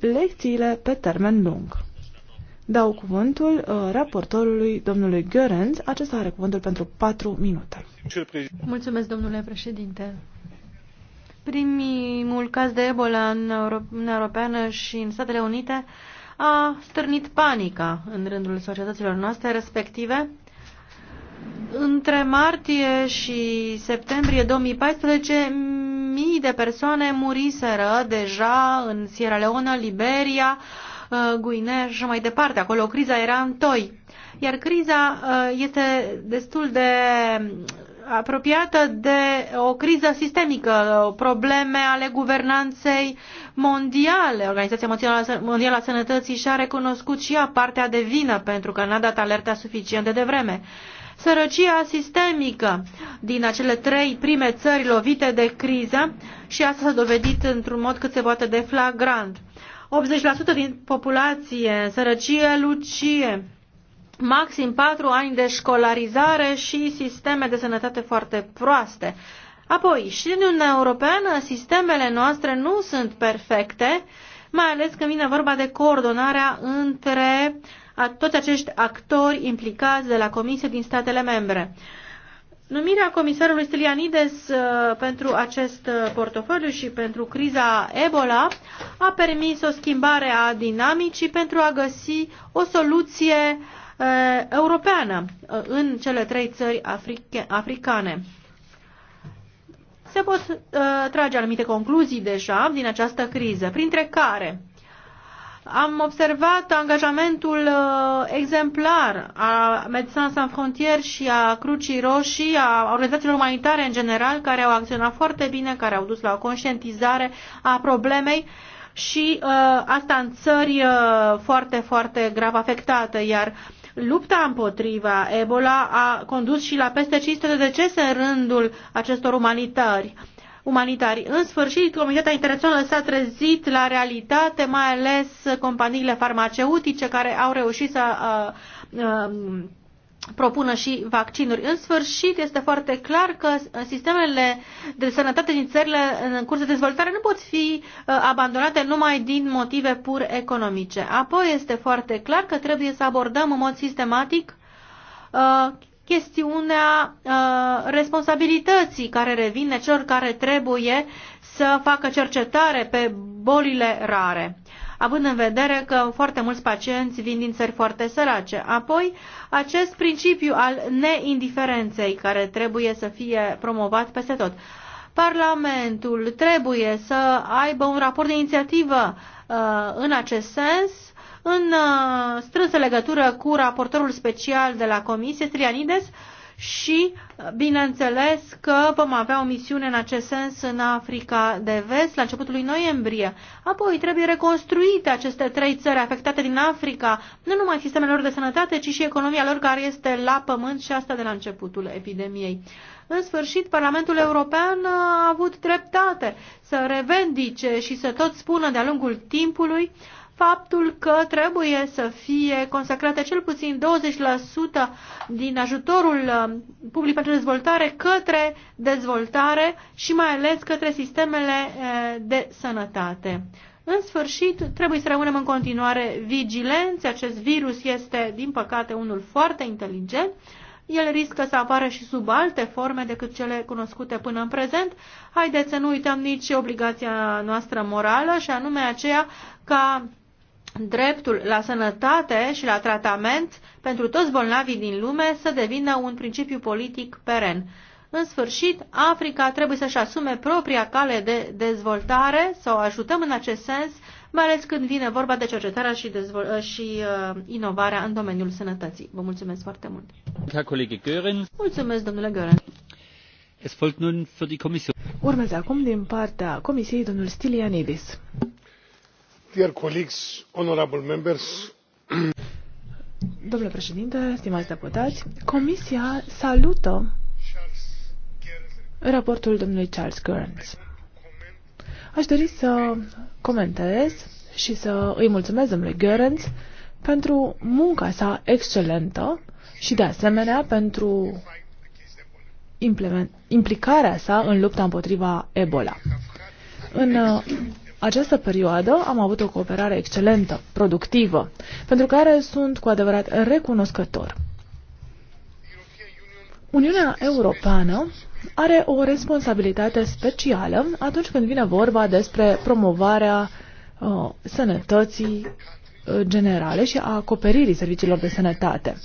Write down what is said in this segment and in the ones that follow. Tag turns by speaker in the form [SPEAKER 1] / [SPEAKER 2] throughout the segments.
[SPEAKER 1] lecțiile pe termen lung. Dau cuvântul uh, raportorului domnului Görenz. Acesta are cuvântul pentru patru minute.
[SPEAKER 2] Mulțumesc, domnule președinte. Primul caz de Ebola în Uniunea Europeană și în Statele Unite a stârnit panica în rândul societăților noastre respective între martie și septembrie 2014, mii de persoane muriseră deja în Sierra Leone, Liberia, uh, Guinea și mai departe. Acolo criza era în toi. Iar criza uh, este destul de apropiată de o criză sistemică, probleme ale guvernanței mondiale. Organizația Mondială a Sănătății și-a recunoscut și ea partea de vină pentru că n-a dat alerta suficient de devreme sărăcia sistemică din acele trei prime țări lovite de criză și asta s-a dovedit într-un mod cât se poate de flagrant. 80% din populație, sărăcie, lucie, maxim 4 ani de școlarizare și sisteme de sănătate foarte proaste. Apoi, și în Uniunea Europeană, sistemele noastre nu sunt perfecte, mai ales când vine vorba de coordonarea între a toți acești actori implicați de la Comisie din statele membre. Numirea comisarului Stylianides uh, pentru acest uh, portofoliu și pentru criza Ebola a permis o schimbare a dinamicii pentru a găsi o soluție uh, europeană în cele trei țări africane. Se pot trage anumite concluzii deja din această criză, printre care am observat angajamentul uh, exemplar a Médecins Sans Frontières și a Crucii Roșii, a organizațiilor umanitare în general, care au acționat foarte bine, care au dus la o conștientizare a problemei și uh, asta în țări uh, foarte, foarte grav afectate, iar lupta împotriva Ebola a condus și la peste 500 de decese în rândul acestor umanitari umanitari. În sfârșit, comunitatea internațională s-a trezit la realitate, mai ales companiile farmaceutice care au reușit să uh, uh, propună și vaccinuri. În sfârșit, este foarte clar că sistemele de sănătate din țările în curs de dezvoltare nu pot fi uh, abandonate numai din motive pur economice. Apoi este foarte clar că trebuie să abordăm în mod sistematic uh, chestiunea uh, responsabilității care revine celor care trebuie să facă cercetare pe bolile rare, având în vedere că foarte mulți pacienți vin din țări foarte sărace. Apoi, acest principiu al neindiferenței care trebuie să fie promovat peste tot. Parlamentul trebuie să aibă un raport de inițiativă uh, în acest sens în uh, strânsă legătură cu raportorul special de la Comisie, Strianides, și uh, bineînțeles că vom avea o misiune în acest sens în Africa de Vest la începutul lui noiembrie. Apoi trebuie reconstruite aceste trei țări afectate din Africa, nu numai sistemele lor de sănătate, ci și economia lor care este la pământ și asta de la începutul epidemiei. În sfârșit, Parlamentul European uh, a avut dreptate să revendice și să tot spună de-a lungul timpului uh, faptul că trebuie să fie consacrate cel puțin 20% din ajutorul uh, public pentru dezvoltare către dezvoltare și mai ales către sistemele uh, de sănătate. În sfârșit, trebuie să rămânem în continuare vigilenți. Acest virus este, din păcate, unul foarte inteligent. El riscă să apară și sub alte forme decât cele cunoscute până în prezent. Haideți să nu uităm nici obligația noastră morală și anume aceea ca dreptul la sănătate și la tratament pentru toți bolnavii din lume să devină un principiu politic peren. În sfârșit, Africa trebuie să-și asume propria cale de dezvoltare, să o ajutăm în acest sens, mai ales când vine vorba de cercetarea și, uh, și uh, inovarea în domeniul sănătății. Vă mulțumesc foarte
[SPEAKER 1] mult! Mulțumesc, domnule Gören! Urmează acum din partea Comisiei domnul Stilianidis. Domnule președinte, stimați deputați, Comisia salută raportul domnului Charles Goerens. Aș dori să comentez și să îi mulțumesc domnului goerens pentru munca sa excelentă și de asemenea pentru implicarea sa în lupta împotriva Ebola. În această perioadă am avut o cooperare excelentă, productivă, pentru care sunt cu adevărat recunoscător. Uniunea Europeană are o responsabilitate specială atunci când vine vorba despre promovarea uh, sănătății uh, generale și a acoperirii serviciilor de sănătate.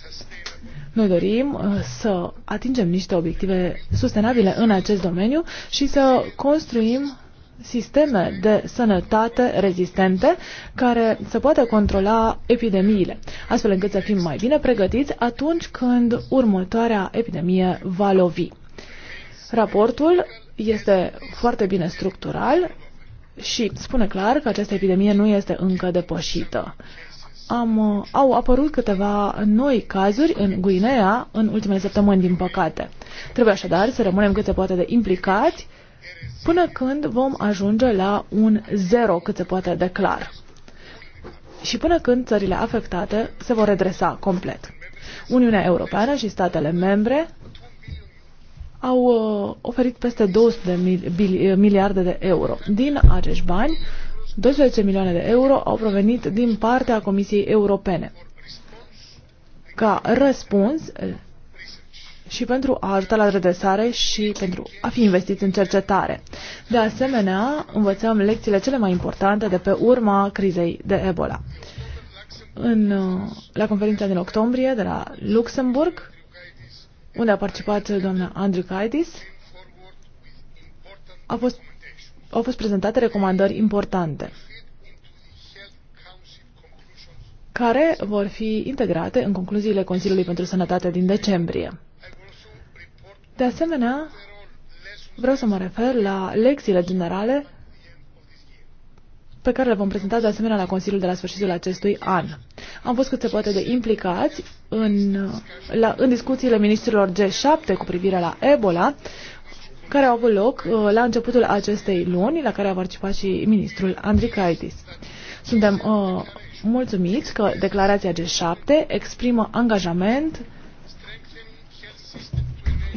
[SPEAKER 1] Noi dorim uh, să atingem niște obiective sustenabile în acest domeniu și să construim sisteme de sănătate rezistente care să poată controla epidemiile, astfel încât să fim mai bine pregătiți atunci când următoarea epidemie va lovi. Raportul este foarte bine structural și spune clar că această epidemie nu este încă depășită. Am, au apărut câteva noi cazuri în Guinea în ultimele săptămâni, din păcate. Trebuie așadar să rămânem cât se poate de implicați până când vom ajunge la un zero cât se poate de clar și până când țările afectate se vor redresa complet. Uniunea Europeană și statele membre au uh, oferit peste 200 de mil, uh, miliarde de euro. Din acești bani, 12 milioane de euro au provenit din partea Comisiei Europene. Ca răspuns și pentru a ajuta la redresare și pentru a fi investit în cercetare. De asemenea, învățăm lecțiile cele mai importante de pe urma crizei de Ebola. În, la conferința din octombrie de la Luxemburg, unde a participat doamna Andriukaitis, a fost, au fost prezentate recomandări importante care vor fi integrate în concluziile Consiliului pentru Sănătate din decembrie. De asemenea, vreau să mă refer la lecțiile generale pe care le vom prezenta de asemenea la Consiliul de la sfârșitul acestui an. Am fost cât se poate de implicați în, la, în discuțiile ministrilor G7 cu privire la Ebola, care au avut loc uh, la începutul acestei luni, la care a participat și ministrul Andrikaitis. Suntem uh, mulțumiți că declarația G7 exprimă angajament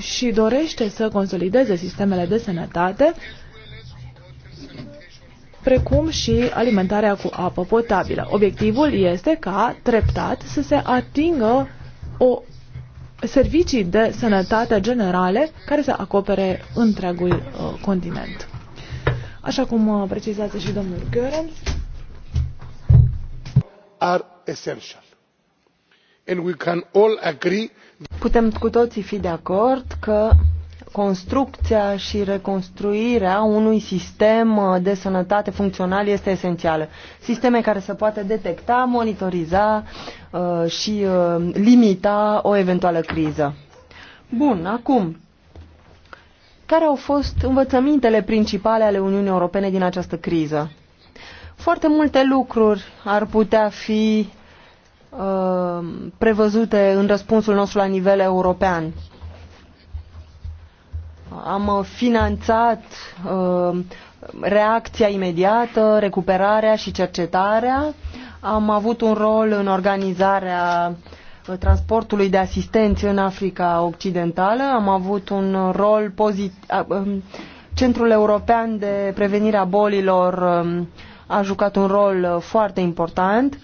[SPEAKER 1] și dorește să consolideze sistemele de sănătate, precum și alimentarea cu apă potabilă. Obiectivul este ca treptat să se atingă o servicii de sănătate generale care să acopere întregul uh, continent. Așa cum uh, precizează și domnul Görens,
[SPEAKER 3] are essential and we can all agree
[SPEAKER 4] Putem cu toții fi de acord că construcția și reconstruirea unui sistem uh, de sănătate funcțional este esențială. Sisteme care să poată detecta, monitoriza uh, și uh, limita o eventuală criză. Bun, acum, care au fost învățămintele principale ale Uniunii Europene din această criză? Foarte multe lucruri ar putea fi Uh, prevăzute în răspunsul nostru la nivel european. Am finanțat uh, reacția imediată, recuperarea și cercetarea. Am avut un rol în organizarea uh, transportului de asistenți în Africa Occidentală. Am avut un rol pozitiv. Um, Centrul European de Prevenire a Bolilor um, a jucat un rol foarte important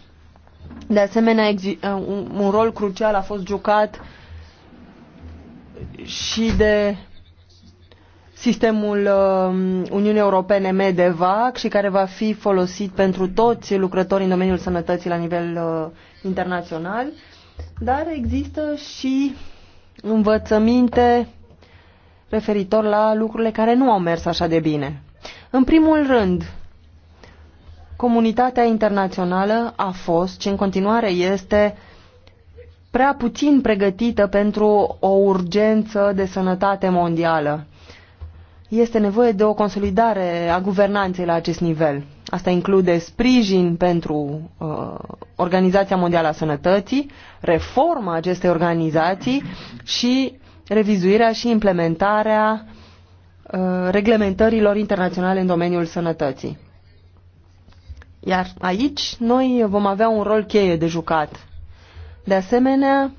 [SPEAKER 4] de asemenea, uh, un rol crucial a fost jucat și de sistemul um, Uniunii Europene MEDEVAC și care va fi folosit pentru toți lucrătorii în domeniul sănătății la nivel uh, internațional. Dar există și învățăminte referitor la lucrurile care nu au mers așa de bine. În primul rând, comunitatea internațională a fost și în continuare este prea puțin pregătită pentru o urgență de sănătate mondială. Este nevoie de o consolidare a guvernanței la acest nivel. Asta include sprijin pentru uh, Organizația Mondială a Sănătății, reforma acestei organizații și revizuirea și implementarea uh, reglementărilor internaționale în domeniul sănătății. Iar aici noi vom avea un rol cheie de jucat. De asemenea,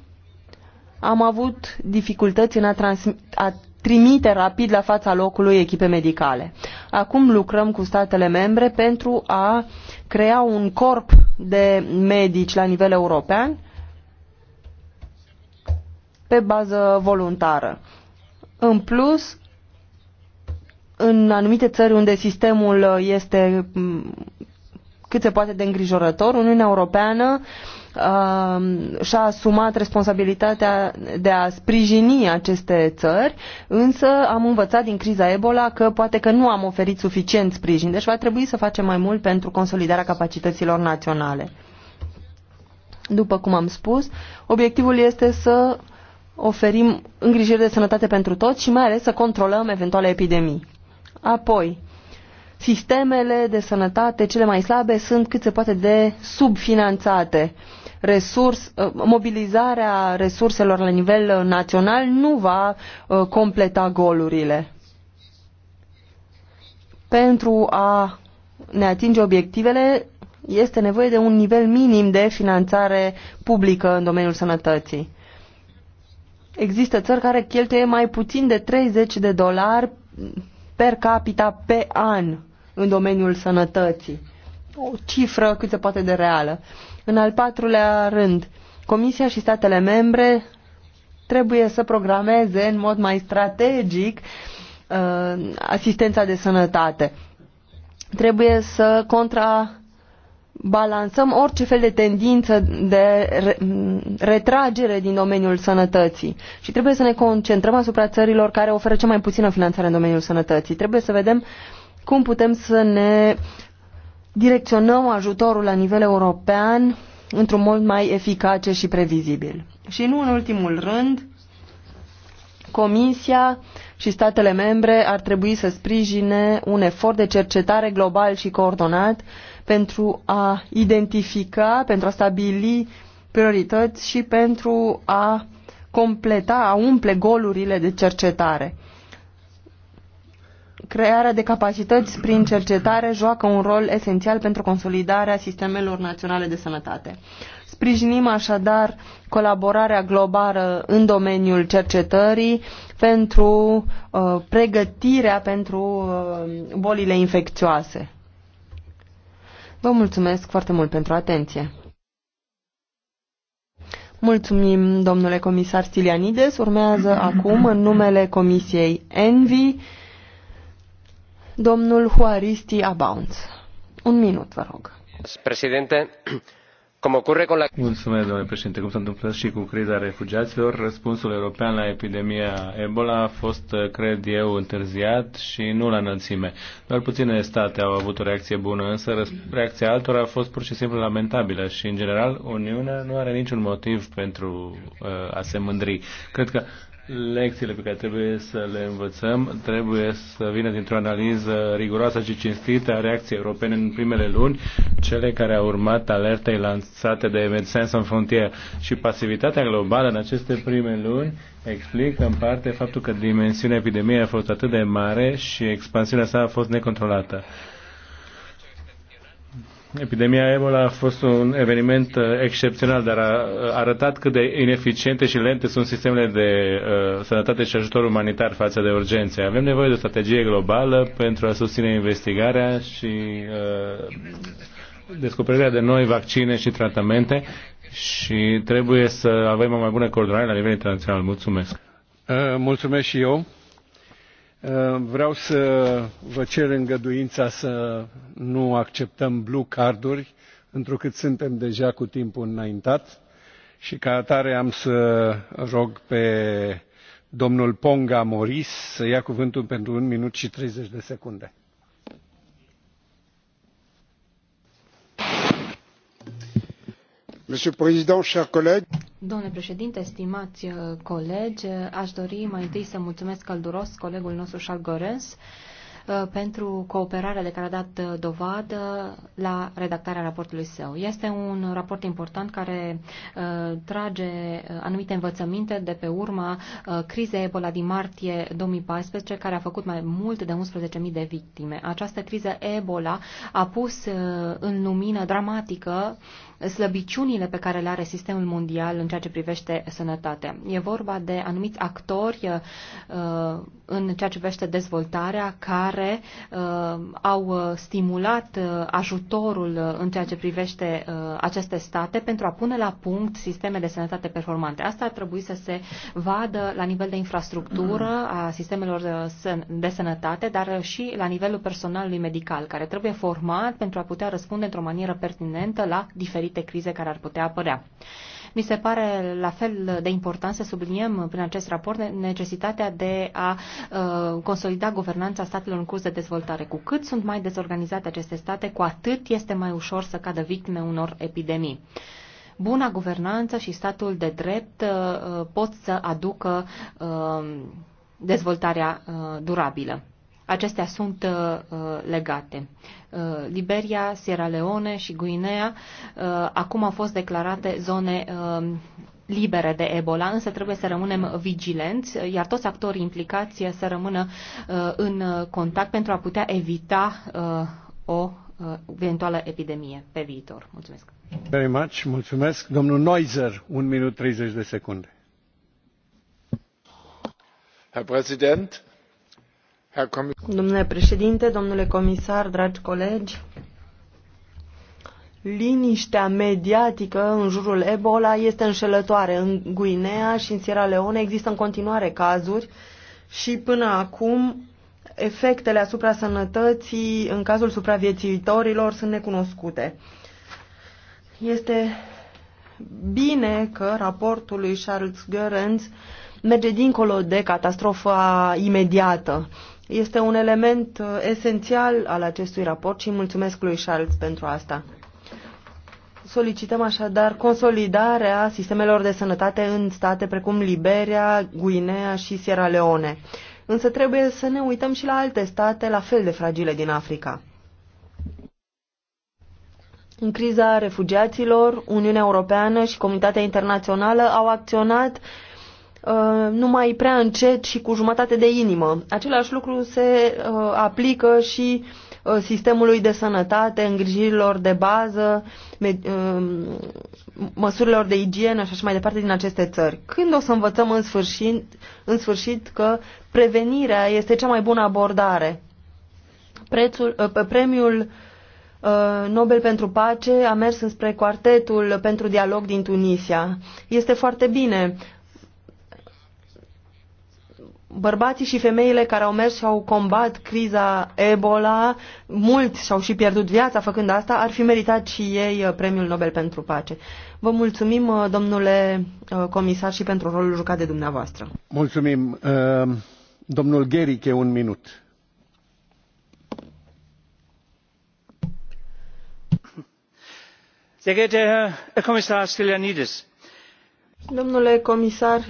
[SPEAKER 4] am avut dificultăți în a, a trimite rapid la fața locului echipe medicale. Acum lucrăm cu statele membre pentru a crea un corp de medici la nivel european pe bază voluntară. În plus, în anumite țări unde sistemul este cât se poate de îngrijorător. Uniunea Europeană uh, și-a asumat responsabilitatea de a sprijini aceste țări, însă am învățat din criza Ebola că poate că nu am oferit suficient sprijin, deci va trebui să facem mai mult pentru consolidarea capacităților naționale. După cum am spus, obiectivul este să oferim îngrijire de sănătate pentru toți și mai ales să controlăm eventuale epidemii. Apoi, Sistemele de sănătate cele mai slabe sunt cât se poate de subfinanțate. Resurs, uh, mobilizarea resurselor la nivel uh, național nu va uh, completa golurile. Pentru a ne atinge obiectivele, este nevoie de un nivel minim de finanțare publică în domeniul sănătății. Există țări care cheltuie mai puțin de 30 de dolari per capita pe an în domeniul sănătății. O cifră cât se poate de reală. În al patrulea rând, Comisia și statele membre trebuie să programeze în mod mai strategic uh, asistența de sănătate. Trebuie să contra balansăm orice fel de tendință de retragere din domeniul sănătății și trebuie să ne concentrăm asupra țărilor care oferă cea mai puțină finanțare în domeniul sănătății. Trebuie să vedem uh, cum putem să ne direcționăm ajutorul la nivel european într-un mod mai eficace și previzibil. Și nu în ultimul rând, Comisia și statele membre ar trebui să sprijine un efort de cercetare global și coordonat pentru a identifica, pentru a stabili priorități și pentru a completa, a umple golurile de cercetare crearea de capacități prin cercetare joacă un rol esențial pentru consolidarea sistemelor naționale de sănătate. Sprijinim așadar colaborarea globală în domeniul cercetării pentru uh, pregătirea pentru uh, bolile infecțioase. Vă mulțumesc foarte mult pentru atenție. Mulțumim, domnule comisar Stilianides. Urmează acum, în numele Comisiei ENVI, domnul Juaristi Abounds. Un minut, vă rog.
[SPEAKER 5] Președinte, cum ocurre cu la... Mulțumesc, domnule președinte. Cum s-a întâmplat și cu criza refugiaților, răspunsul european la epidemia Ebola a fost, cred eu, întârziat și nu la înălțime. Doar puține state au avut o reacție bună, însă reacția altora a fost pur și simplu lamentabilă și, în general, Uniunea nu are niciun motiv pentru uh, a se mândri. Cred că lecțiile pe care trebuie să le învățăm trebuie să vină dintr-o analiză riguroasă și cinstită a reacției europene în primele luni, cele care au urmat alertei lansate de Medicine Sans Frontier și pasivitatea globală în aceste prime luni explică în parte faptul că dimensiunea epidemiei a fost atât de mare și expansiunea sa a fost necontrolată. Epidemia Ebola a fost un eveniment uh, excepțional, dar a arătat cât de ineficiente și lente sunt sistemele de uh, sănătate și ajutor umanitar față de urgențe. Avem nevoie de o strategie globală pentru a susține investigarea și uh, descoperirea de noi vaccine și tratamente și trebuie să avem o mai bună coordonare la nivel internațional. Mulțumesc!
[SPEAKER 3] Uh, mulțumesc și eu! Uh, vreau să vă cer îngăduința să nu acceptăm blue carduri, întrucât suntem deja cu timpul înaintat și ca atare am să rog pe domnul Ponga Moris să ia cuvântul pentru un minut și 30 de secunde.
[SPEAKER 6] Domnule președinte, stimați uh, colegi, aș dori mai întâi să mulțumesc călduros colegul nostru Charles Gorens Uh, pentru cooperarea de care a dat uh, dovadă la redactarea raportului său. Este un raport important care uh, trage anumite învățăminte de pe urma crizei Ebola din martie 2014, care a făcut mai mult de 11.000 de victime. Această criză Ebola a pus în lumină dramatică slăbiciunile pe care le are sistemul mondial în ceea ce privește sănătatea. E vorba de anumiți actori în ceea ce privește dezvoltarea care care uh, au uh, stimulat uh, ajutorul uh, în ceea ce privește uh, aceste state pentru a pune la punct sisteme de sănătate performante. Asta ar trebui să se vadă la nivel de infrastructură a sistemelor de sănătate, dar uh, și la nivelul personalului medical, care trebuie format pentru a putea răspunde într-o manieră pertinentă la diferite crize care ar putea apărea. Mi se pare la fel de important să subliniem prin acest raport necesitatea de a uh, consolida guvernanța statelor în curs de dezvoltare. Cu cât sunt mai dezorganizate aceste state, cu atât este mai ușor să cadă victime unor epidemii buna guvernanță și statul de drept uh, pot să aducă uh, dezvoltarea durabilă. Acestea sunt uh, uh, legate. Uh, Liberia, Sierra Leone și Guinea uh, acum au fost declarate zone uh, libere de Ebola, însă trebuie să rămânem vigilenți, iar toți actorii implicați să rămână uh, în contact pentru a putea evita uh, o uh, eventuală epidemie pe viitor. Mulțumesc.
[SPEAKER 3] Very much. Mulțumesc. Domnul Neuser, 1 minut 30 de secunde. Herr Präsident,
[SPEAKER 4] Domnule președinte, domnule comisar, dragi colegi, liniștea mediatică în jurul Ebola este înșelătoare. În Guinea și în Sierra Leone există în continuare cazuri și până acum efectele asupra sănătății în cazul supraviețuitorilor sunt necunoscute. Este bine că raportul lui Charles Goerens merge dincolo de catastrofa imediată este un element uh, esențial al acestui raport și mulțumesc lui Charles pentru asta. Solicităm așadar consolidarea sistemelor de sănătate în state precum Liberia, Guinea și Sierra Leone. Însă trebuie să ne uităm și la alte state la fel de fragile din Africa. În criza refugiaților, Uniunea Europeană și comunitatea internațională au acționat Uh, numai prea încet și cu jumătate de inimă. Același lucru se uh, aplică și uh, sistemului de sănătate, îngrijirilor de bază, me, uh, măsurilor de igienă și așa mai departe din aceste țări. Când o să învățăm în sfârșit, în sfârșit că prevenirea este cea mai bună abordare? Prețul, uh, premiul Nobel pentru Pace a mers înspre quartetul pentru dialog din Tunisia. Este foarte bine bărbații și femeile care au mers și au combat criza Ebola, mulți și-au și pierdut viața făcând asta, ar fi meritat și ei uh, premiul Nobel pentru pace. Vă mulțumim, uh, domnule uh, comisar, și pentru rolul jucat de dumneavoastră.
[SPEAKER 3] Mulțumim. Domnul Gheriche, un minut.
[SPEAKER 5] Sehr geehrter Herr Kommissar Stylianides,
[SPEAKER 4] Domnule comisar uh,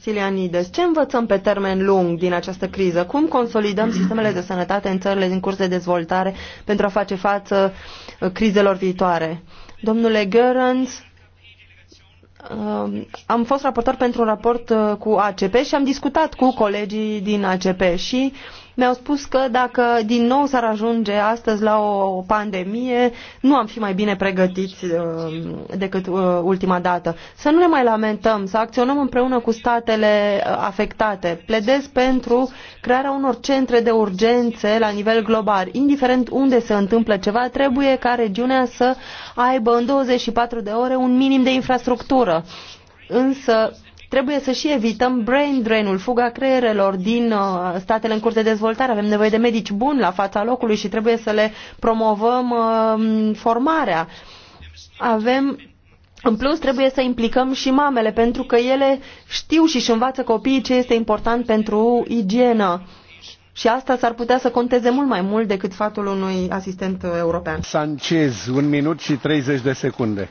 [SPEAKER 4] Silianides, ce învățăm pe termen lung din această criză? Cum consolidăm sistemele de sănătate în țările din curs de dezvoltare pentru a face față uh, crizelor viitoare? Domnule Görans, uh, am fost raportor pentru un raport uh, cu ACP și am discutat cu colegii din ACP și uh, mi-au spus că dacă din nou s-ar ajunge astăzi la o pandemie, nu am fi mai bine pregătiți uh, decât uh, ultima dată. Să nu ne mai lamentăm, să acționăm împreună cu statele uh, afectate. Pledez pentru crearea unor centre de urgențe la nivel global. Indiferent unde se întâmplă ceva, trebuie ca regiunea să aibă în 24 de ore un minim de infrastructură. Însă trebuie să și evităm brain drain-ul, fuga creierelor din uh, statele în curs de dezvoltare. Avem nevoie de medici buni la fața locului și trebuie să le promovăm um, formarea. Avem în plus, trebuie să implicăm și mamele, pentru că ele știu și își învață copiii ce este important pentru igienă. Și asta s-ar putea să conteze mult mai mult decât fatul unui asistent european.
[SPEAKER 3] Sanchez, un minut și 30 de
[SPEAKER 5] secunde.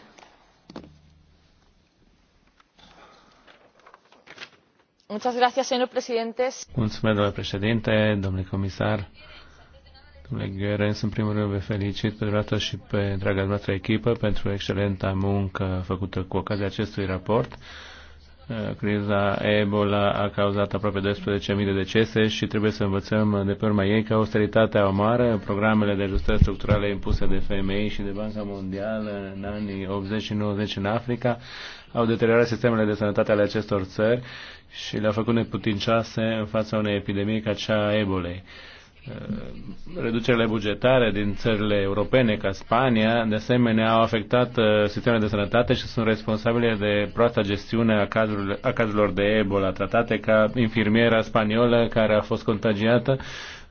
[SPEAKER 6] Mulțumesc,
[SPEAKER 5] domnule președinte, domnule comisar. Domnule Gheorens, în primul rând vă felicit pe dumneavoastră și pe întreaga noastră echipă pentru excelenta muncă făcută cu ocazia acestui raport. Criza Ebola a cauzat aproape 12.000 de decese și trebuie să învățăm de pe urma ei că austeritatea omoară, programele de ajustare structurale impuse de FMI și de Banca Mondială în anii 80 și 90 în Africa, au deteriorat sistemele de sănătate ale acestor țări și le-au făcut neputincioase în fața unei epidemii ca cea a ebolei. Uh, reducerile bugetare din țările europene, ca Spania, de asemenea, au afectat uh, sistemele de sănătate și sunt responsabile de proasta gestiune a, cazurilor, de ebola tratate ca infirmiera spaniolă care a fost contagiată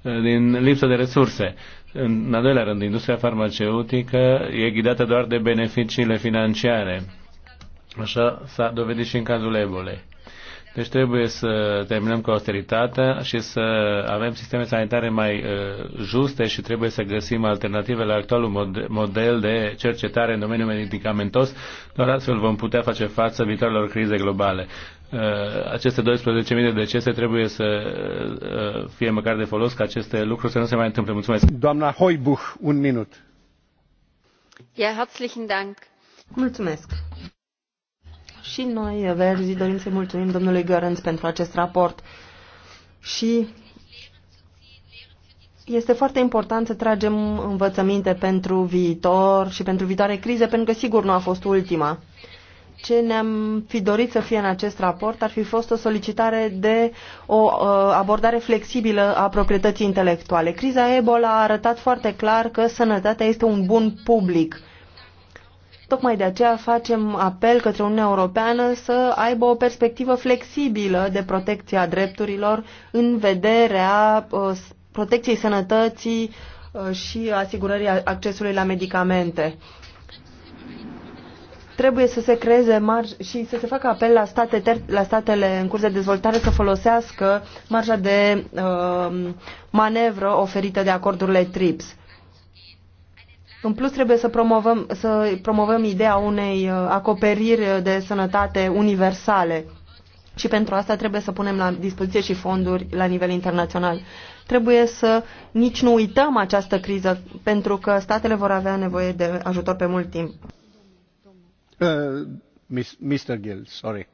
[SPEAKER 5] uh, din lipsă de resurse. În al doilea rând, industria farmaceutică e ghidată doar de beneficiile financiare Așa s-a dovedit și în cazul ebolei. Deci trebuie să terminăm cu austeritatea și să avem sisteme sanitare mai uh, juste și trebuie să găsim alternative la actualul model de cercetare în domeniul medicamentos, doar astfel vom putea face față viitoarelor crize globale. Uh, aceste 12.000 de decese trebuie să uh, fie măcar de folos ca aceste lucruri să nu se mai întâmple. Mulțumesc. Doamna Hoibuch, un minut.
[SPEAKER 4] Ja, herzlichen Dank. Mulțumesc. Și noi, Verzi, dorim să-i mulțumim domnului Gărânț pentru acest raport. Și este foarte important să tragem învățăminte pentru viitor și pentru viitoare crize, pentru că sigur nu a fost ultima. Ce ne-am fi dorit să fie în acest raport ar fi fost o solicitare de o uh, abordare flexibilă a proprietății intelectuale. Criza Ebola a arătat foarte clar că sănătatea este un bun public Tocmai de aceea facem apel către Uniunea Europeană să aibă o perspectivă flexibilă de protecție a drepturilor în vederea uh, protecției sănătății uh, și asigurării accesului la medicamente. Trebuie să se creeze marj și să se facă apel la, state ter- la statele în curs de dezvoltare să folosească marja de uh, manevră oferită de acordurile TRIPS. În plus, trebuie să promovăm, să promovăm ideea unei uh, acoperiri de sănătate universale. Și pentru asta trebuie să punem la dispoziție și fonduri la nivel internațional. Trebuie să nici nu uităm această criză, pentru că statele vor avea nevoie de ajutor pe mult timp.
[SPEAKER 3] Uh, Mr. Gill, sorry.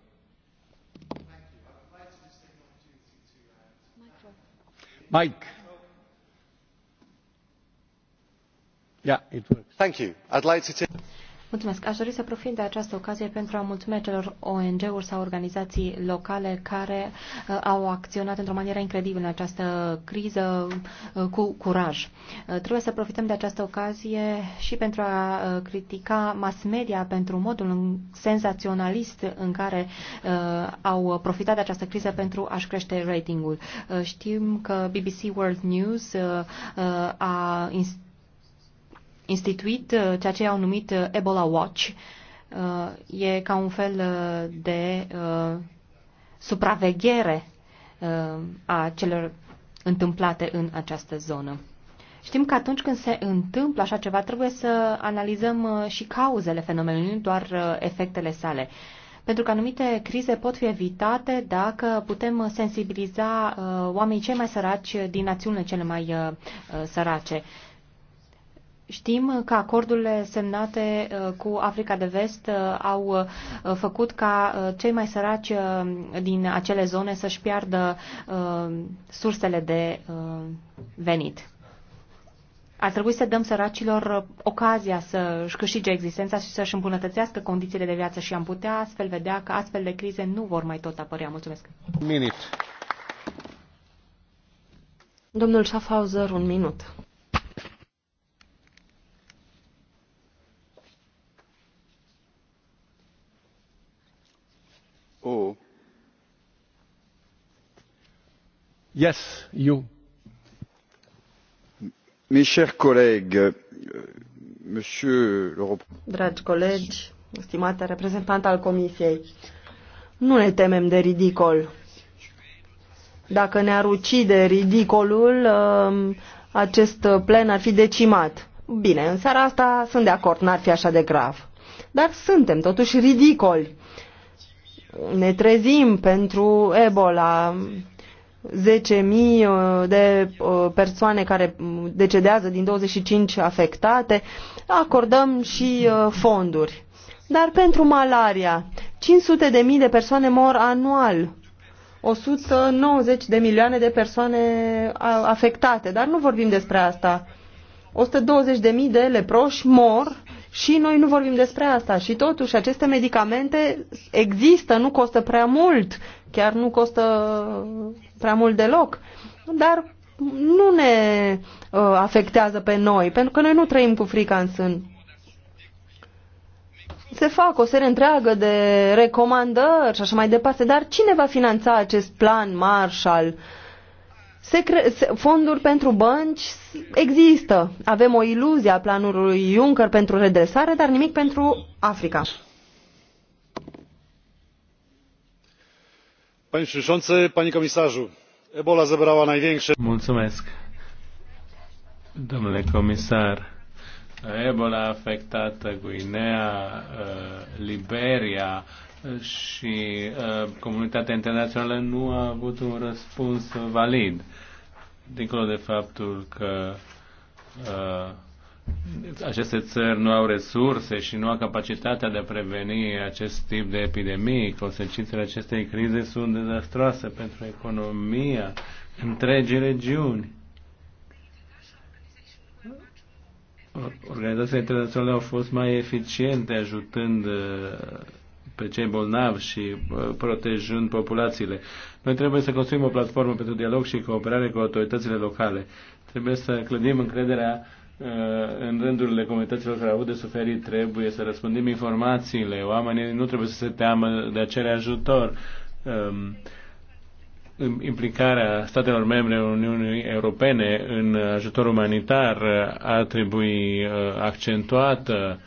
[SPEAKER 3] Mike.
[SPEAKER 6] Mulțumesc. Aș dori să profit de această ocazie pentru a mulțumi celor ONG-uri sau organizații locale care uh, au acționat într-o manieră incredibilă în această criză uh, cu curaj. Uh, trebuie să profităm de această ocazie și pentru a uh, critica mass media pentru modul senzaționalist în care uh, au profitat de această criză pentru a-și crește ratingul. Uh, știm că BBC World News uh, uh, a instituit uh, ceea ce au numit uh, Ebola Watch. Uh, e ca un fel de supraveghere a celor întâmplate în această zonă. Știm că atunci când se întâmplă așa ceva, trebuie să analizăm și cauzele fenomenului, nu doar efectele sale. Pentru că anumite crize pot fi evitate dacă putem sensibiliza oamenii cei mai săraci din națiunile cele mai sărace. Știm că acordurile semnate uh, cu Africa de Vest uh, au uh, făcut ca cei mai săraci din acele zone să-și piardă sursele de venit. Ar trebui să dăm săracilor ocazia să-și câștige existența și să-și îmbunătățească condițiile de viață și am putea astfel vedea că astfel de crize nu vor mai tot apărea. Mulțumesc.
[SPEAKER 3] Minut.
[SPEAKER 4] Domnul Schaffhauser, un minut. Oh.
[SPEAKER 3] Yes, you. Mes chers collègues, euh, monsieur le
[SPEAKER 4] Dragi colegi, stimate reprezentant al Comisiei, nu ne temem de ridicol. Dacă ne-ar ucide ridicolul, um, acest plen ar fi decimat. Bine, în seara asta sunt de acord, n-ar fi așa de grav. Dar suntem totuși ridicoli ne trezim pentru Ebola. 10.000 uh, de uh, persoane care decedează din 25 afectate, acordăm și uh, fonduri. Dar pentru malaria, 500 de mii de persoane mor anual. 190 de milioane de persoane afectate, dar nu vorbim despre asta. 120 de mii de leproși mor și noi nu vorbim despre asta. Și totuși, aceste medicamente există, nu costă prea mult, chiar nu costă prea mult deloc. Dar nu ne uh, afectează pe noi, pentru că noi nu trăim cu frica în sân. Se fac o serie întreagă de recomandări și așa mai departe, dar cine va finanța acest plan Marshall? Uh, se cre- se, fonduri pentru bănci există. Avem o iluzie a planului Juncker pentru redresare, dar nimic pentru
[SPEAKER 5] Africa.
[SPEAKER 3] Panie przewodniczący, panie komisarzu, Ebola zebrała największe.
[SPEAKER 5] Mulțumesc. Domnule comisar, Ebola a afectat Guinea, Liberia, și uh, comunitatea internațională nu a avut un răspuns valid, dincolo de faptul că uh, aceste țări nu au resurse și nu au capacitatea de a preveni acest tip de epidemii. Consecințele acestei crize sunt dezastroase pentru economia întregii regiuni. Organizațiile internaționale au fost mai eficiente ajutând uh, pe cei bolnavi și uh, protejând populațiile. Noi trebuie să construim o platformă pentru dialog și cooperare cu autoritățile locale. Trebuie să clădim încrederea uh, în rândurile comunităților care au de suferit, trebuie să răspundim informațiile, oamenii nu trebuie să se teamă de acele ajutor. Um, implicarea statelor membre în Uniunii Europene în ajutor umanitar uh, ar trebui accentuată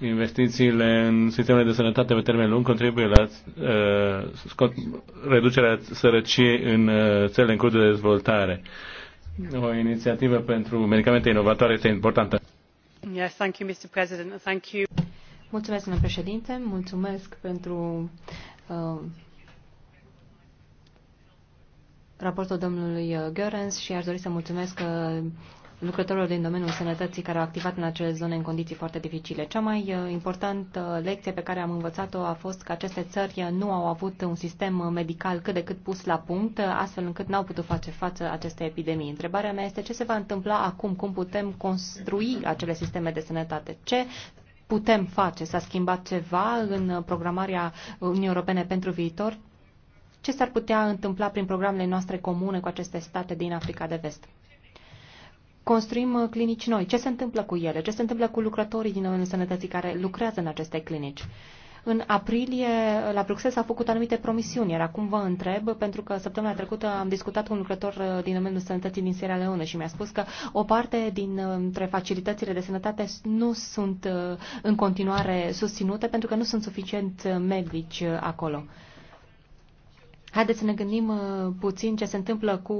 [SPEAKER 5] investițiile în sistemele de sănătate pe termen lung contribuie la uh, scot, reducerea sărăciei în uh, țările în curs de dezvoltare. O inițiativă pentru medicamente inovatoare este importantă.
[SPEAKER 6] Yes, thank you, Mr. President. Thank you. Mulțumesc, domnule președinte. Mulțumesc pentru uh, raportul domnului Görens și aș dori să mulțumesc uh, lucrătorilor din domeniul sănătății care au activat în acele zone în condiții foarte dificile. Cea mai uh, importantă lecție pe care am învățat-o a fost că aceste țări nu au avut un sistem medical cât de cât pus la punct, uh, astfel încât n-au putut face față acestei epidemii. Întrebarea mea este ce se va întâmpla acum, cum putem construi acele sisteme de sănătate, ce putem face, s-a schimbat ceva în programarea Uniunii Europene pentru viitor, ce s-ar putea întâmpla prin programele noastre comune cu aceste state din Africa de Vest construim uh, clinici noi. Ce se întâmplă cu ele? Ce se întâmplă cu lucrătorii din domeniul sănătății care lucrează în aceste clinici? În aprilie, la Bruxelles, s-au făcut anumite promisiuni, iar acum vă întreb, pentru că săptămâna trecută am discutat cu un lucrător uh, din domeniul sănătății din Sierra Leone și mi-a spus că o parte dintre uh, facilitățile de sănătate nu sunt în continuare susținute pentru că nu sunt suficient medici acolo. Haideți să ne gândim uh, puțin ce se întâmplă cu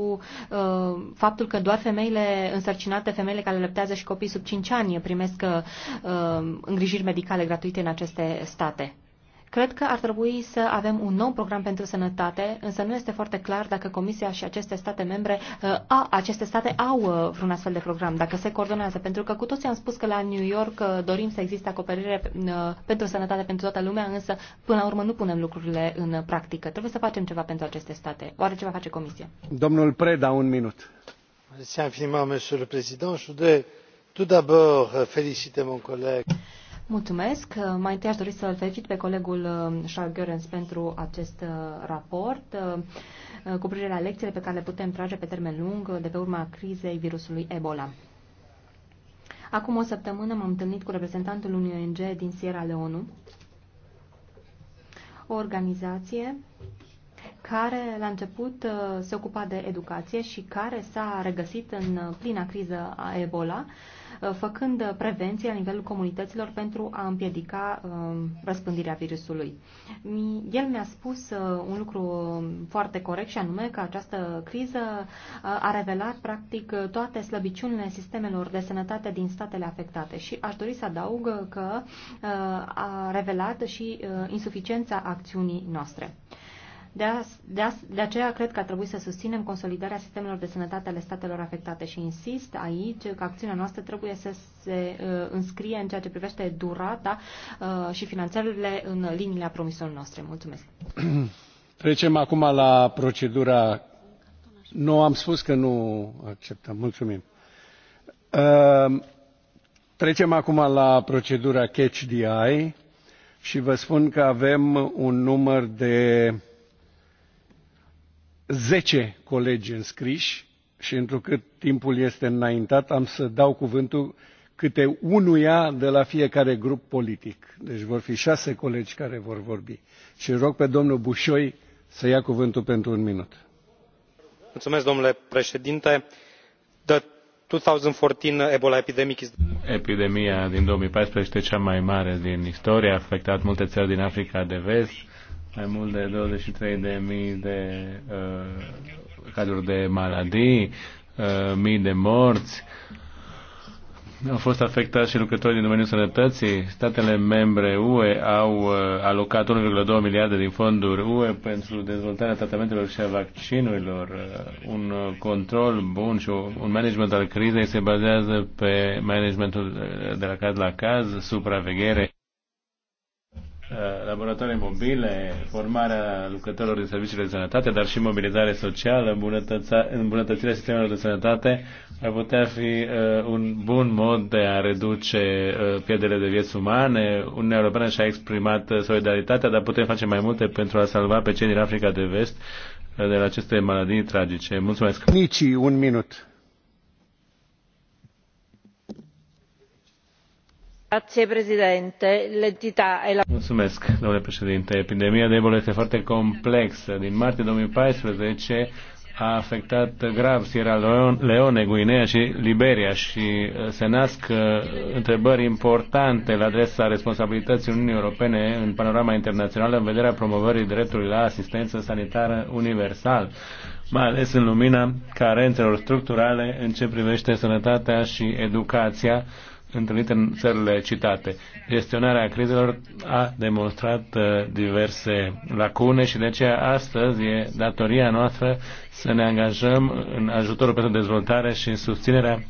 [SPEAKER 6] uh, faptul că doar femeile însărcinate, femeile care leptează și copii sub 5 ani primesc uh, îngrijiri medicale gratuite în aceste state. Cred că ar trebui să avem un nou program pentru sănătate, însă nu este foarte clar dacă Comisia și aceste state membre, uh, a, aceste state au uh, vreun astfel de program, dacă se coordonează, pentru că cu toții am spus că la New York uh, dorim să existe acoperire pentru sănătate pentru toată lumea, însă până la urmă nu punem lucrurile în practică. Trebuie să facem ceva pentru aceste state. Oare ce va face Comisia?
[SPEAKER 3] Domnul Preda, un minut. Mulțumesc infiniment, domnule președinte. Je voudrais tout d'abord féliciter mon collègue.
[SPEAKER 6] Mulțumesc. Uh, mai întâi aș dori să-l felicit pe colegul uh, Charles Görens pentru acest uh, raport cu privire la lecțiile pe care le putem trage pe termen lung de pe urma crizei virusului Ebola. Acum o săptămână m-am întâlnit cu reprezentantul unui ONG din Sierra Leone, o organizație care la început se ocupa de educație și care s-a regăsit în plina criză a Ebola Uh, făcând prevenție la nivelul comunităților pentru a împiedica um, răspândirea virusului. El mi-a spus uh, un lucru um, foarte corect și anume că această criză uh, a revelat practic toate slăbiciunile sistemelor de sănătate din statele afectate și aș dori să adaug că a revelat și insuficiența acțiunii noastre. De, a, de, a, de aceea cred că ar trebui să susținem consolidarea sistemelor de sănătate ale statelor afectate și insist aici că acțiunea noastră trebuie să se uh, înscrie în ceea ce privește durata uh, și finanțările în liniile promisorilor noastre. Mulțumesc.
[SPEAKER 3] Trecem acum la procedura. Nu am spus că nu acceptăm. Mulțumim. Uh, trecem acum la procedura Catch the Eye și vă spun că avem un număr de 10 colegi înscriși și întrucât timpul este înaintat, am să dau cuvântul câte unuia de la fiecare grup politic. Deci vor fi șase colegi care vor vorbi. Și rog pe domnul Bușoi să ia cuvântul pentru
[SPEAKER 5] un minut. Mulțumesc, domnule președinte. The 2014 Ebola epidemic is... Epidemia din 2014, cea mai mare din istorie, a afectat multe țări din Africa de Vest mai mult de 23.000 de uh, cazuri de maladii, uh, mii de morți. Au fost afectați și lucrătorii din domeniul sănătății. Statele membre UE au uh, alocat 1,2 miliarde din fonduri UE pentru dezvoltarea tratamentelor și a vaccinurilor. Uh, un control bun și un management al crizei se bazează pe managementul uh, de la caz la caz, supraveghere Uh, laboratoare mobile, formarea lucrătorilor din serviciile de sănătate, dar și mobilizare socială, îmbunătățirea sistemelor de sănătate, ar putea fi uh, un bun mod de a reduce uh, pierderile de vieți umane. Uniunea Europeană și-a exprimat uh, solidaritatea, dar putem face mai multe pentru a salva pe cei din Africa de Vest uh, de la aceste maladii tragice. Mulțumesc! Nici un minut! domnule președinte. Epidemia de ebola este foarte complexă. Din martie paisprezece a afectat grav Sierra Leone, Guinea și Liberia și uh, se nasc uh, întrebări importante la adresa responsabilității Uniunii Europene în panorama internațională în vederea promovării dreptului la asistență sanitară universal, mai ales în lumina carențelor structurale în ce privește sănătatea și educația întâlnite în țările citate. Gestionarea crizelor a demonstrat uh, diverse lacune și de aceea astăzi e datoria noastră să ne angajăm în ajutorul pentru dezvoltare și în susținerea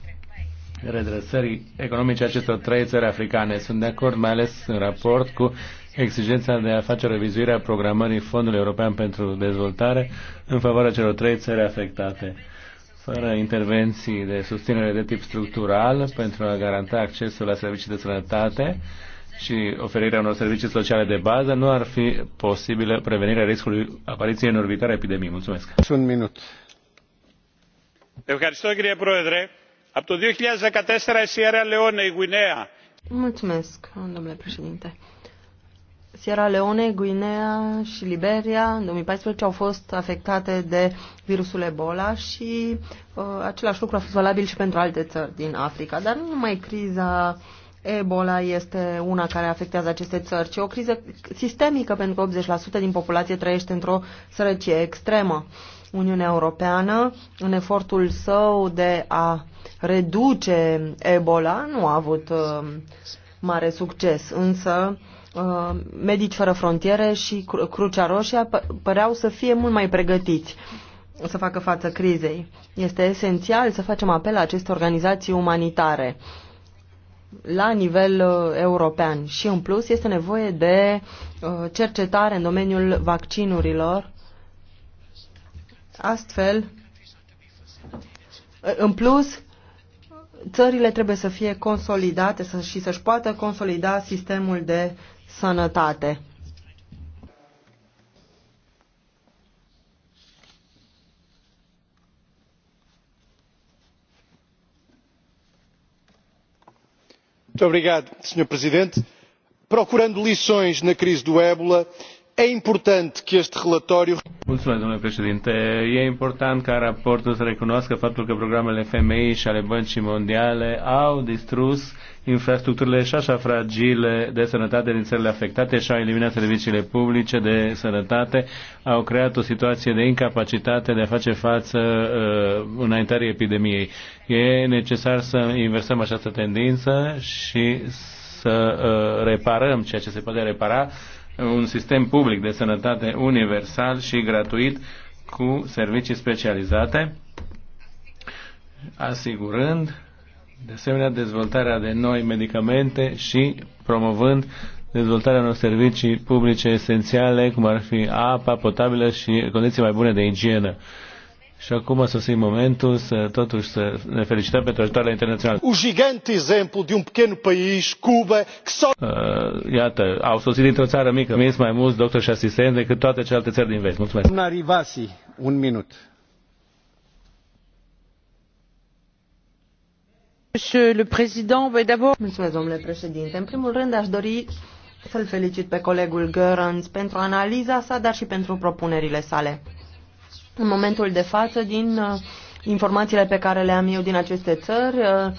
[SPEAKER 5] redresării economice acestor trei țări africane. Sunt de acord mai ales în raport cu exigența de a face revizuirea programării Fondului European pentru Dezvoltare în favoarea celor trei țări afectate fără intervenții de susținere de tip structural pentru a garanta accesul la servicii de sănătate și oferirea unor servicii sociale de bază, nu ar fi posibilă prevenirea riscului apariției unor viitoare epidemii. Mulțumesc. Un minut.
[SPEAKER 4] Mulțumesc, domnule președinte Sierra Leone, Guinea și Liberia în 2014 au fost afectate de virusul Ebola și uh, același lucru a fost valabil și pentru alte țări din Africa. Dar nu numai criza Ebola este una care afectează aceste țări, ci o criză sistemică pentru că 80% din populație trăiește într-o sărăcie extremă. Uniunea Europeană, în efortul său de a reduce Ebola, nu a avut uh, mare succes, însă Uh, medici Fără Frontiere și Crucea Roșie păreau să fie mult mai pregătiți să facă față crizei. Este esențial să facem apel la aceste organizații umanitare la nivel uh, european și în plus este nevoie de uh, cercetare în domeniul vaccinurilor astfel în plus țările trebuie să fie consolidate și să-și poată consolida sistemul de sănătate.
[SPEAKER 3] senhor presidente procurando lições na crise do ébola
[SPEAKER 5] domnule președinte e important ca raportul să recunoască faptul că programele fmi și ale băncii mondiale au distrus infrastructurile și așa fragile de sănătate din țările afectate și au eliminat serviciile publice de sănătate, au creat o situație de incapacitate de a face față uh, înaintării epidemiei. E necesar să inversăm această tendință și să uh, reparăm ceea ce se poate repara uh, un sistem public de sănătate universal și gratuit cu servicii specializate, asigurând de asemenea dezvoltarea de noi medicamente și promovând dezvoltarea unor servicii publice esențiale, cum ar fi apa potabilă și condiții mai bune de igienă. Și acum a sosit momentul să totuși să ne felicităm pentru ajutoarele internaționale. Un gigant exemplu de un pequen país, Cuba, que só... Uh, iată, au sosit dintr-o țară mică, minți mai mulți doctori și asistenți decât toate celelalte țări din vest. Mulțumesc. Un
[SPEAKER 3] arivasi, un minut.
[SPEAKER 4] Mulțumesc, domnule președinte. În primul rând aș dori să-l felicit pe colegul Görans pentru analiza sa, dar și pentru propunerile sale în momentul de față din uh, informațiile pe care le am eu din aceste țări. Uh,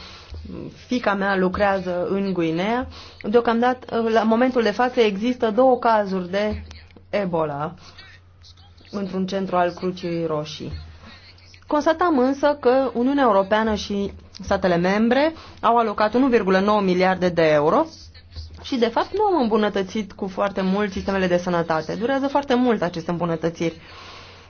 [SPEAKER 4] fica mea lucrează în Guinea. Deocamdată, uh, la momentul de față, există două cazuri de Ebola într-un centru al Crucii Roșii. Constatăm însă că Uniunea Europeană și statele membre au alocat 1,9 miliarde de euro și, de fapt, nu am îmbunătățit cu foarte mult sistemele de sănătate. Durează foarte mult aceste îmbunătățiri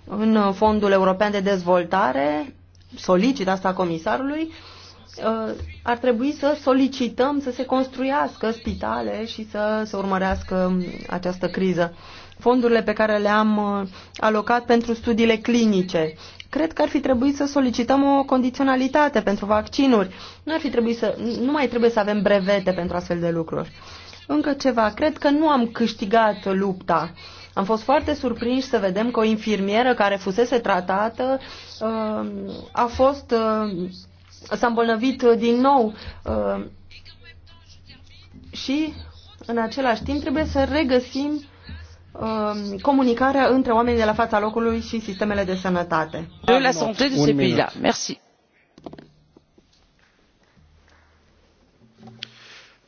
[SPEAKER 4] în Fondul European de Dezvoltare, solicit asta comisarului, uh, ar trebui să solicităm să se construiască spitale și să se urmărească um, această criză. Fondurile pe care le-am uh, alocat pentru studiile clinice. Cred că ar fi trebuit să solicităm o condiționalitate pentru vaccinuri. Nu, ar fi trebuit să, nu mai trebuie să avem brevete pentru astfel de lucruri. Încă ceva, cred că nu am câștigat lupta. Am fost foarte surprinși să vedem că o infirmieră care fusese tratată uh, a fost, uh, s-a îmbolnăvit din nou uh, și în același timp trebuie să regăsim comunicarea între oamenii de la fața locului și sistemele de sănătate. De la santé de ces pays-là.
[SPEAKER 1] Merci.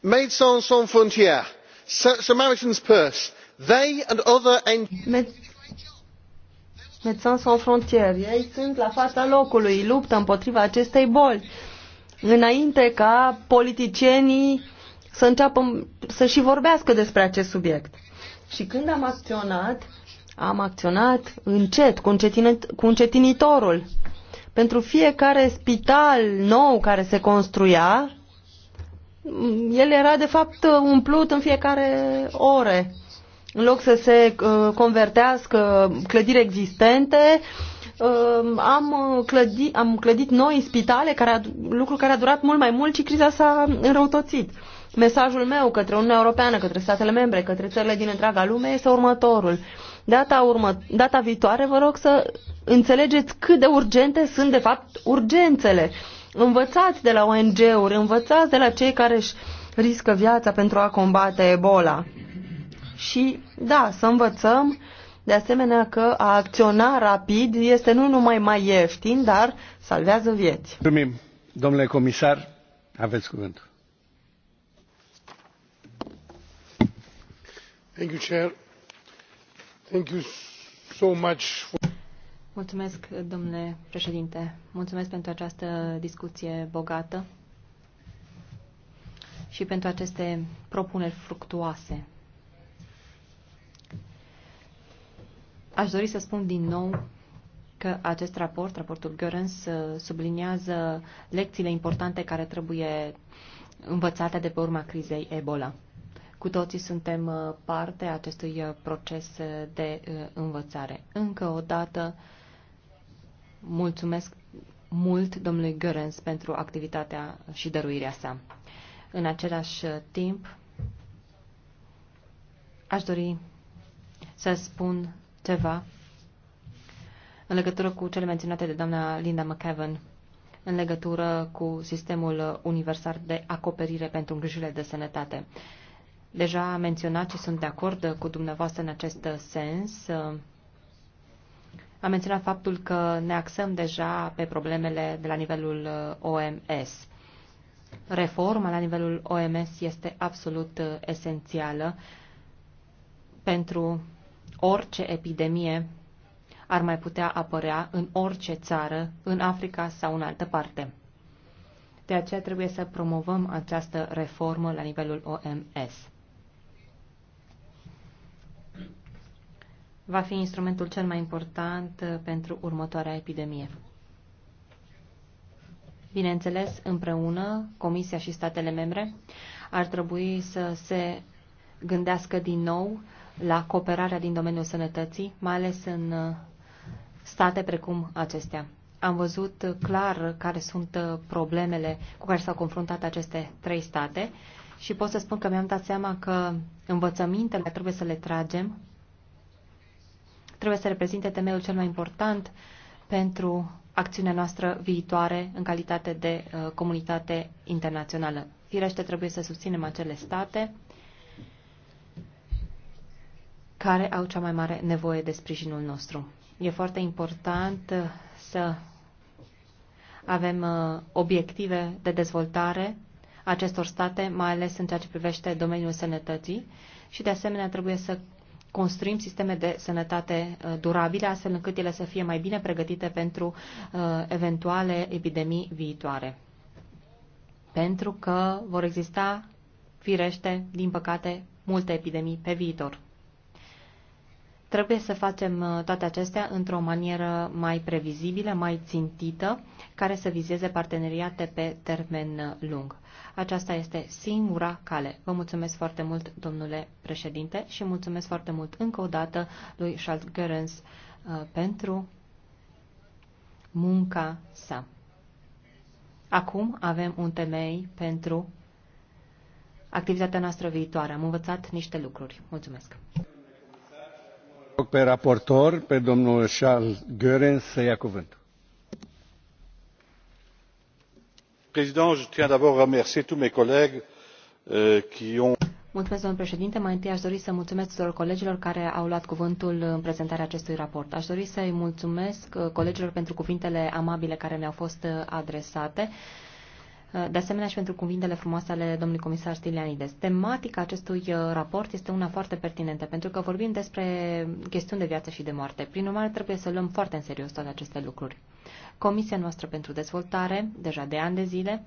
[SPEAKER 3] médecins sans frontires samaritan's purse they and other
[SPEAKER 4] Médecins Sans Frontières. Ei sunt la fața locului, luptă împotriva acestei boli. Înainte ca politicienii să înceapă să și vorbească despre acest subiect. Și când am acționat, am acționat încet, cu, încetinit, cu încetinitorul. Pentru fiecare spital nou care se construia, el era de fapt umplut în fiecare ore. În loc să se uh, convertească clădiri existente, uh, am uh, clădit, am clădit noi spitale, care a, lucru care a durat mult mai mult și criza s-a înrăutățit. Mesajul meu către Uniunea Europeană, către statele membre, către țările din întreaga lume este următorul. Data, urmă, data viitoare vă rog să înțelegeți cât de urgente sunt de fapt urgențele. Uh, Învățați de la ONG-uri, învățați de la cei care își riscă viața pentru a combate Ebola. Și, da, să învățăm de asemenea că a acționa rapid este nu numai mai ieftin, dar salvează vieți.
[SPEAKER 3] Mulțumim. Domnule comisar, aveți cuvântul. Thank you, Chair. Thank you so much for...
[SPEAKER 6] Mulțumesc, domnule președinte. Mulțumesc pentru această discuție bogată și pentru aceste propuneri fructuoase. Aș dori să spun din nou că acest raport, raportul Görens, subliniază lecțiile importante care trebuie învățate de pe urma crizei Ebola. Cu toții suntem uh, parte a acestui uh, proces de uh, învățare. Încă o dată, mulțumesc mult domnului Görens pentru activitatea și dăruirea sa. În același timp, aș dori să spun ceva în legătură cu cele menționate de doamna Linda McKevin în legătură cu sistemul universal de acoperire pentru îngrijirile de sănătate. Deja am menționat și sunt de acord cu dumneavoastră în acest sens. Am menționat faptul că ne axăm deja pe problemele de la nivelul uh, OMS. Reforma la nivelul OMS este absolut uh, esențială pentru orice epidemie ar mai putea apărea în orice țară, în Africa sau în altă parte. De aceea trebuie să promovăm această reformă la nivelul OMS. va fi instrumentul cel mai important uh, pentru următoarea epidemie. Bineînțeles, împreună, Comisia și statele membre ar trebui să se gândească din nou la cooperarea din domeniul sănătății, mai ales în uh, state precum acestea. Am văzut uh, clar care sunt problemele cu care s-au confruntat aceste trei state și pot să spun că mi-am dat seama că învățămintele trebuie să le tragem trebuie să reprezinte temelul cel mai important pentru acțiunea noastră viitoare în calitate de uh, comunitate internațională. Firește, trebuie să susținem acele state care au cea mai mare nevoie de sprijinul nostru. E foarte important uh, să avem uh, obiective de dezvoltare acestor state, mai ales în ceea ce privește domeniul sănătății și, de asemenea, trebuie să construim sisteme de sănătate uh, durabile, astfel încât ele să fie mai bine pregătite pentru uh, eventuale epidemii viitoare. Pentru că vor exista, firește, din păcate, multe epidemii pe viitor. Trebuie să facem uh, toate acestea într-o manieră mai previzibilă, mai țintită, care să vizeze parteneriate pe termen uh, lung. Aceasta este singura cale. Vă mulțumesc foarte mult, domnule președinte, și mulțumesc foarte mult încă o dată lui Charles Gerens uh, pentru munca sa. Acum avem un temei pentru activitatea noastră viitoare. Am învățat niște lucruri.
[SPEAKER 3] Mulțumesc! rog Pe raportor, pe domnul Charles goerens să ia cuvântul. Président, je tiens d'abord à remercier tous mes collègues euh, qui ont.
[SPEAKER 6] Mulțumesc, domnul președinte. Mai întâi aș dori să mulțumesc tuturor colegilor care au luat cuvântul în prezentarea acestui raport. Aș dori să-i mulțumesc uh, colegilor pentru cuvintele amabile care mi au fost uh, adresate. Uh, de asemenea și pentru cuvintele frumoase ale domnului comisar Stilianides. Tematica acestui uh, raport este una foarte pertinentă, pentru că vorbim despre chestiuni de viață și de moarte. Prin urmare, trebuie să luăm foarte în serios toate aceste lucruri. Comisia noastră pentru dezvoltare, deja de ani de zile,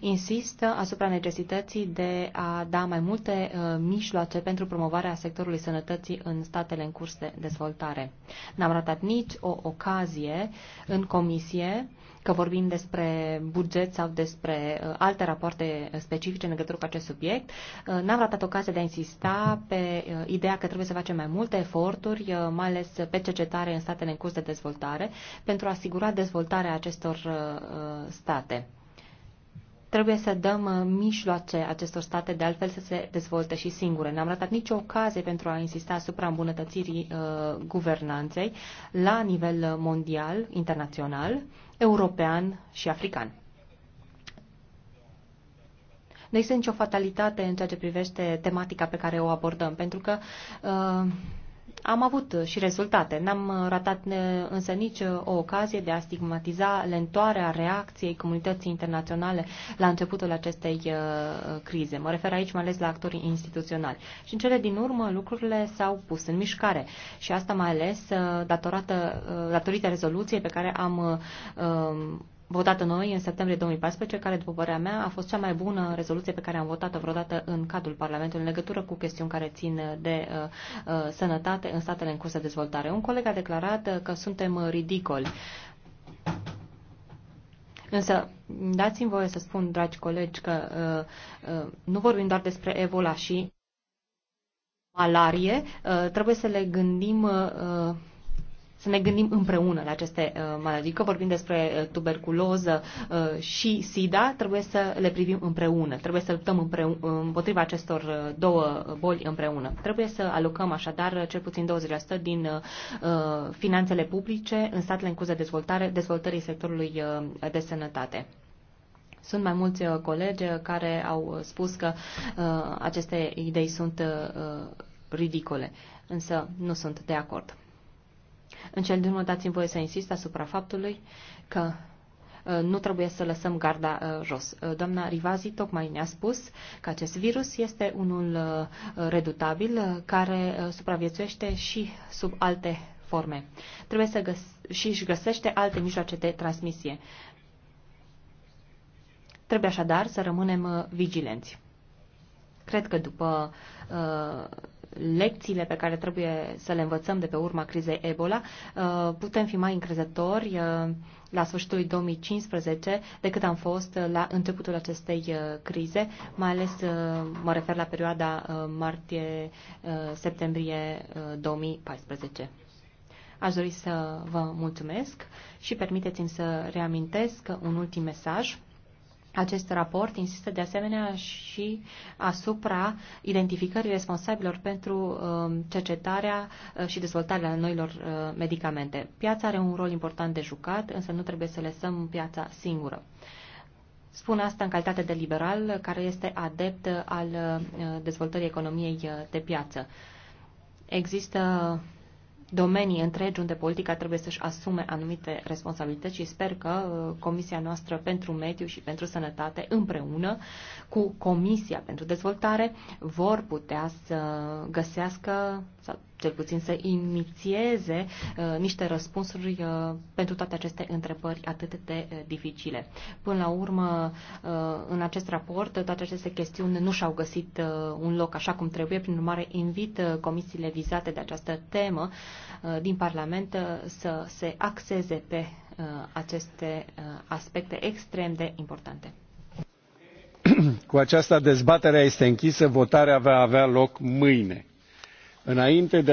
[SPEAKER 6] Insistă asupra necesității de a da mai multe uh, mijloace pentru promovarea sectorului sănătății în statele în curs de dezvoltare. N-am ratat nici o ocazie în comisie că vorbim despre buget sau despre uh, alte rapoarte specifice în legătură cu acest subiect. Uh, n-am ratat ocazia de a insista pe uh, ideea că trebuie să facem mai multe eforturi, mai ales pe cercetare în statele în curs de dezvoltare, pentru a asigura dezvoltarea acestor state. Trebuie să dăm uh, mijloace acestor state de altfel să se dezvolte și singure. N-am ratat nicio ocazie pentru a insista asupra îmbunătățirii uh, guvernanței la nivel uh, mondial, internațional, european și african. Nu există nicio fatalitate în ceea ce privește tematica pe care o abordăm, pentru că uh, am avut uh, și rezultate. N-am uh, ratat însă nici uh, o ocazie de a stigmatiza lentoarea reacției comunității internaționale la începutul acestei crize. Mă refer aici mai ales la actorii instituționali. Și în cele din urmă lucrurile s-au pus în mișcare și asta mai ales datorată, datorită rezoluției pe care am um, votată noi în septembrie 2014, care, după părerea mea, a fost cea mai bună rezoluție pe care am votat-o vreodată în cadrul Parlamentului în legătură cu chestiuni care țin de uh, uh, sănătate în statele în curs de dezvoltare. Un coleg a declarat uh, că suntem ridicoli. Însă, dați-mi voie să spun, dragi colegi, că uh, uh, nu vorbim doar despre Ebola și malarie, uh, trebuie să le gândim uh, uh să ne gândim împreună la aceste uh, maladii. Că vorbim despre uh, tuberculoză uh, și SIDA, trebuie să le privim împreună. Trebuie să luptăm împreună, împotriva acestor două boli împreună. Trebuie să alocăm așadar cel puțin 20% din finanțele publice în statele în curs de dezvoltare, dezvoltării sectorului de sănătate. Sunt mai mulți colegi care au spus că uh, aceste idei sunt uh, ridicole, însă nu sunt de acord. În cel din urmă, dați-mi voie să insist asupra faptului că uh, nu trebuie să lăsăm garda uh, jos. Uh, doamna Rivazi tocmai ne-a spus că acest virus este unul redutabil care supraviețuiește și sub alte forme. Trebuie să găs- și își găsește alte mijloace de transmisie. Trebuie așadar să rămânem vigilenți. Cred că după uh, lecțiile pe care trebuie să le învățăm de pe urma crizei Ebola, uh, putem fi mai încrezători uh, la sfârșitul 2015 decât am fost uh, la începutul acestei crize, mai ales mă refer la perioada martie-septembrie 2014. Aș dori să vă mulțumesc și permiteți-mi să reamintesc un ultim mesaj acest raport insistă de asemenea și asupra identificării responsabilor pentru um, cercetarea uh, și dezvoltarea noilor uh, medicamente. Piața are un rol important de jucat, însă nu trebuie să lăsăm piața singură. Spun asta în calitate de liberal, care este adept al uh, dezvoltării economiei de piață. Există domenii întregi unde politica trebuie să-și asume anumite responsabilități și sper că uh, Comisia noastră pentru Mediu și pentru Sănătate împreună cu Comisia pentru Dezvoltare vor putea să găsească sau cel puțin să inițieze uh, niște răspunsuri uh, pentru toate aceste întrebări atât de uh, dificile. Până la urmă, în acest raport, toate aceste chestiuni nu și-au găsit un loc așa cum trebuie, prin urmare invit comisiile vizate de această temă din Parlament să se axeze pe aceste aspecte extrem de importante.
[SPEAKER 3] Cu aceasta dezbaterea este închisă, votarea va avea loc mâine. Înainte de